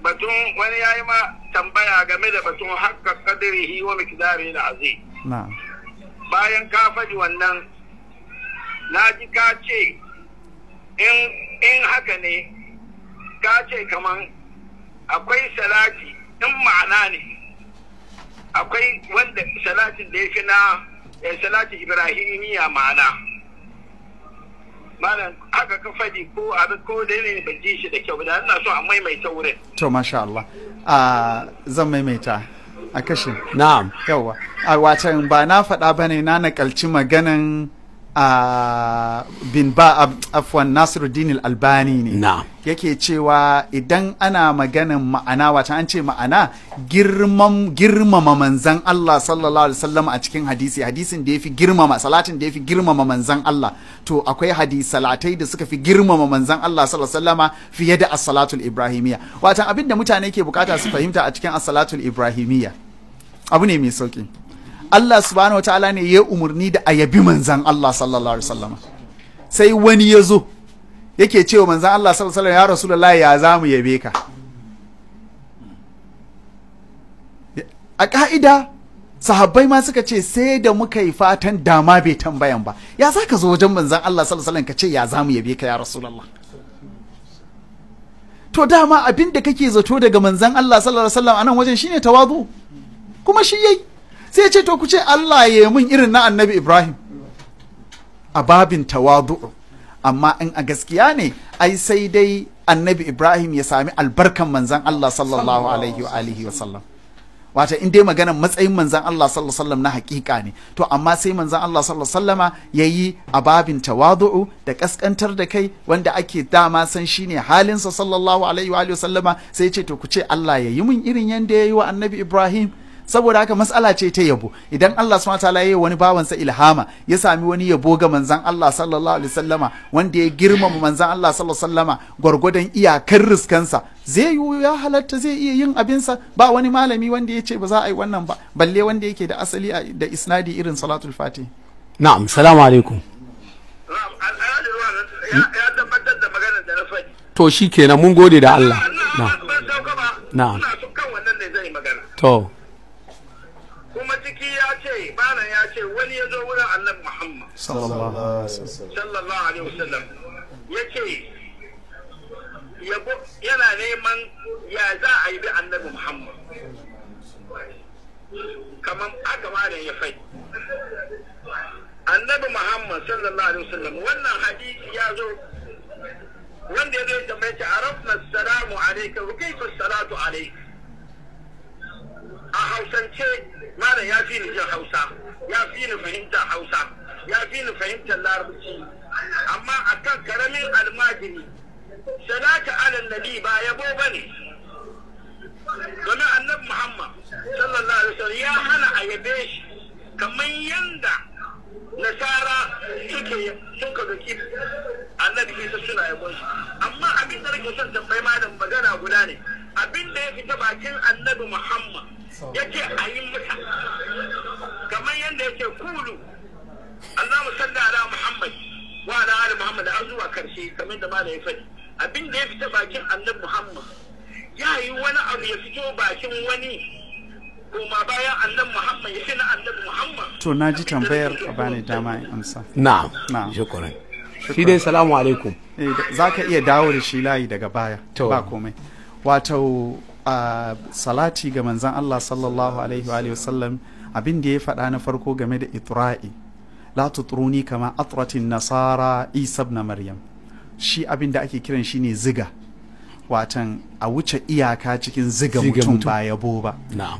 batun wani ya yi ma tambaya game da batun haka kadirihi wa mikidari na azi bayan ka faɗi wannan na ji ka ce in haka ne ka ce kaman akwai salati in ma'ana ne akwai wanda salatin da ya fi na eh, salati ibrahimiya ma'ana aka ka faɗi ko abin ko da ne ban ji shi da kyau da ina so a maimaita wurin to masha Allah zan maimaita a kashin na'am yawa a watan ba na faɗa bane na nakalci maganan a bin ba afwan nasiruddin albani ne yake cewa idan ana maganin ma'ana wata an ce ma'ana girmama manzan Allah sallallahu alaihi wasallam a cikin hadisi hadisin da ya fi girmama salatin da ya fi girmama manzan Allah to akwai hadisi salatai da suka fi girmama manzan Allah sallallahu alaihi wasallama fiye da as-salatul ibrahimiyya watan abin da mutane ke bukata su fahimta a cikin as-salatul ibrahimiyya abu ne mai sauki Allah subhanahu wataala ne ya umarni da ayabi manzan Allah sallallahu alaihi wasallam sai wani ya zo yake cewa manzan Allah sallallahu alaihi wasallam ya rasu ya za mu yabe ka a ka'ida sahabbai ma suka ce sai da muka yi fatan dama bai tambayan ba ya za ka zo wajen manzan Allah sallallahu alaihi wasallam ka ce ya za mu yabe ka ya rasulullah to dama abin da kake zato daga manzan Allah sallallahu alaihi wasallam anan wajen shine tawadu kuma shi yayi sai ce to ku ce Allah ya yi mun irin na annabi Ibrahim a babin tawadu amma in a gaskiya ne ai sai dai annabi Ibrahim ya sami albarkan manzan Allah sallallahu alaihi wa alihi wa sallam wata in dai maganar matsayin manzan Allah sallallahu alaihi wa sallam na hakika ne to amma sai manzan Allah sallallahu alaihi ya yi a babin tawadu'u da kaskantar da kai wanda ake dama san shi ne halinsa sallallahu alaihi wa sallama sai ce to ku ce Allah ya yi mun irin yanda yi wa annabi Ibrahim saboda haka matsala ce ta yabo idan Allah subhanahu wataala ya yi wani bawansa ilhama ya sami wani yabo ga manzon Allah sallallahu alaihi wasallama wanda ya girmama manzon Allah sallallahu alaihi wasallama gwargwadon iyakar riskansa zai yi ya halatta zai iya yin abinsa ba wani malami wanda ya ce ba za a yi wannan ba balle wanda yake da asali da isnadi irin salatul fatih na'am salamu alaikum ya tabbatar to shikenan mun gode da Allah na'am na'am to sallallahu alaihi wasallam ya ce yana neman ya za a yi bi annabi Muhammad kamar aka mare ya fai annabi Muhammad sallallahu alaihi wasallam wannan hadisi ya zo wanda ya zo tambaye ta arafna salamu alayka wa kayfa salatu alayka a hausance mara ya fi ni jin hausa ya fi ni fahimta hausa ya fi ni fahimtar larabci amma akan karamin almajiri salatu alal nabi ba yabo bane domin annabi muhammad sallallahu alaihi wasallam ya hana a yabe shi kamar yanda nasara suke suka doki annabi isa suna yabon shi amma abin da nake son tambayi malam magana guda ne abin da ya fita bakin annabi muhammad yake a yi mata kamar yanda yake kulu Allahumma salli ala Muhammad wa ala ali Muhammad an zuwa karshe kamar da malam ya faɗi abin da ya fita bakin Annabi Muhammad ya yi wani abu ya fito bakin wani koma bayan Annabi Muhammad ya na Annabi Muhammad to na ji tambayar a bani dama in amsa na'am na'am shukran shi dai salamu alaikum eh, za ka iya dawo da shi layi daga baya ba komai wato salati ga manzan Allah sallallahu alaihi wa sallam abin da ya faɗa na farko game da itra'i la tutruni kama atratin nasara isa na maryam shi abin da ake kiran shi ne ziga watan a wuce iyaka cikin ziga mutum ba yabo ba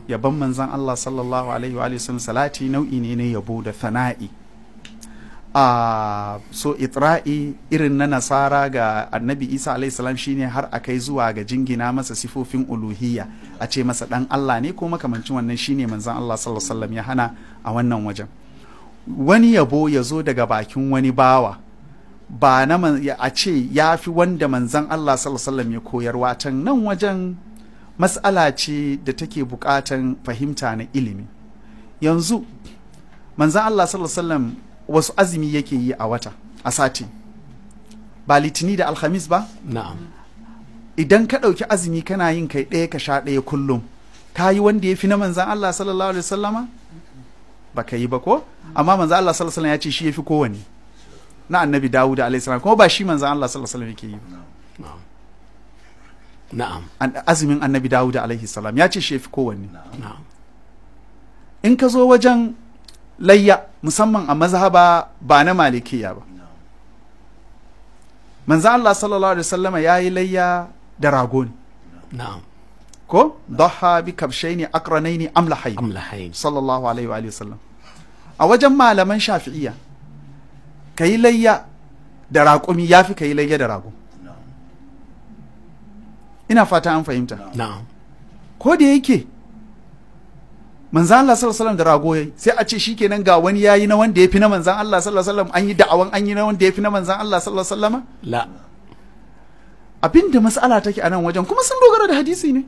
yabon manzan Allah sallallahu alaihi wa sallam salati nau'i ne na yabo da fana'i a so itra'i irin na nasara ga annabi isa alaihi salam shine har a kai zuwa ga jingina masa sifofin uluhiyya a ce masa dan Allah ne ko makamancin wannan shine manzan Allah sallallahu alaihi wa sallam ya hana a wannan wajen wani yabo ya zo daga bakin wani bawa ba na a ce ya fi wanda manzan Allah sallallahu ya koyar watan nan wajen matsala ce da take bukatan fahimta na ilimi yanzu manzan Allah sallallahu wasu azumi yake yi a wata a sati ba litini da alhamis ba na'am idan ka ɗauki azumi kana yin kai ɗaya ka sha ɗaya kullum ka yi wanda ya fi na manzan Allah sallallahu alaihi baka yi ba ko amma manzo Allah sallallahu alaihi ya ce shi yafi kowanne na annabi Dawud alaihi salam kuma ba shi manzo Allah sallallahu alaihi yake yi ba na'am azumin annabi Dawud alaihi salam ya ce shi yafi kowanne in ka zo wajen layya musamman a mazhaba ba na malikiya ba manzo Allah sallallahu alaihi ya yi layya da ragon. na'am ko dhaha bi kabshaini aqranaini amlahayn amlahayn sallallahu alaihi wa sallam a wajen malaman shafi'iyya kai layya da raƙumi yafi kai layya da rago ina fata an fahimta na'am ko da yake manzan Allah sallallahu alaihi wasallam da rago yayi sai a ce shikenan ga wani yayi na wanda yafi na manzan Allah sallallahu alaihi wasallam an yi da'awan an yi na wanda yafi na manzan Allah sallallahu alaihi wasallam la abinda mas'ala take a nan wajen kuma sun dogara da hadisi ne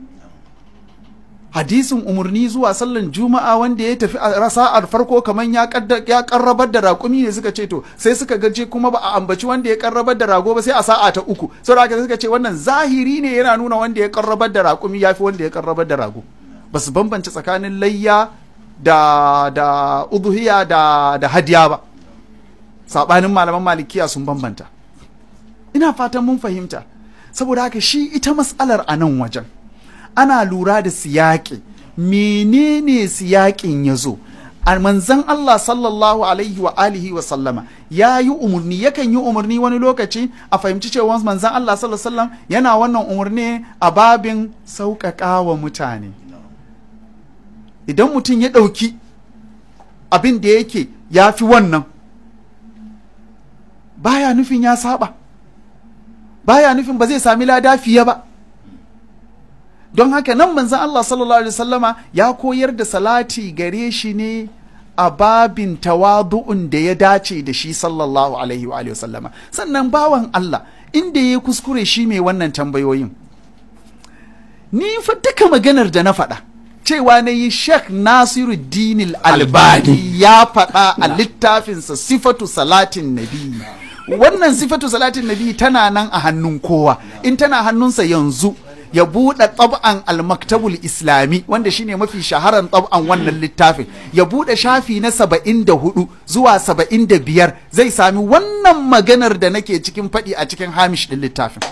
hadisin umarni zuwa sallan juma'a wanda ya tafi a sa'ar farko kamar ya ya karrabar da raƙumi ne suka ce to sai suka gaje kuma ba a ambaci wanda ya karrabar da rago ba sai a sa'a ta uku saboda haka suka ce wannan zahiri ne yana nuna wanda ya karrabar da raƙumi yafi wanda ya karrabar da rago ba su bambance tsakanin layya da da udhiya da da hadiya ba sabanin malaman malikiya sun bambanta ina fatan mun fahimta saboda haka shi ita mas'alar a nan wajen ana lura da siyaƙi menene siyaƙin ya zo manzan Allah sallallahu alaihi wa alihi wa sallama ya yi umarni yakan yi umarni wani lokaci a fahimci cewa manzan Allah sallallahu alaihi sallam yana wannan umarni a babin sauƙaƙa wa mutane idan mutum ya ɗauki abin da yake ya fi wannan baya nufin ya saba baya nufin ba zai sami lada fiye ba don haka nan manzan Allah sallallahu alaihi wasallama ya koyar da salati gare shi ne a babin tawadu'un da ya dace da shi sallallahu alaihi wa sannan bawan Allah inda ya kuskure shi mai wannan tambayoyin ni fa duka maganar da na faɗa cewa na yi Sheikh Nasiru Dinil Albani ya faɗa a littafinsa sifatu salatin nabi wannan sifatu salatin nabi tana nan a hannun kowa in tana hannunsa yanzu ya buɗe tsab'an almaktabul islami wanda shine mafi shaharan tsab'an wannan littafin ya buɗe shafi na saba'in da hudu zuwa saba'in da biyar zai sami wannan maganar da nake cikin faɗi a cikin hamish ɗin littafin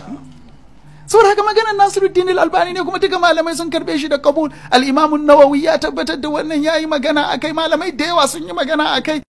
saboda haka maganar Nasiruddin Al-Albani ne kuma duka malamai sun karbe shi da kabul al nawawi ya tabbatar da wannan ya yi magana akai malamai da yawa sun yi magana akai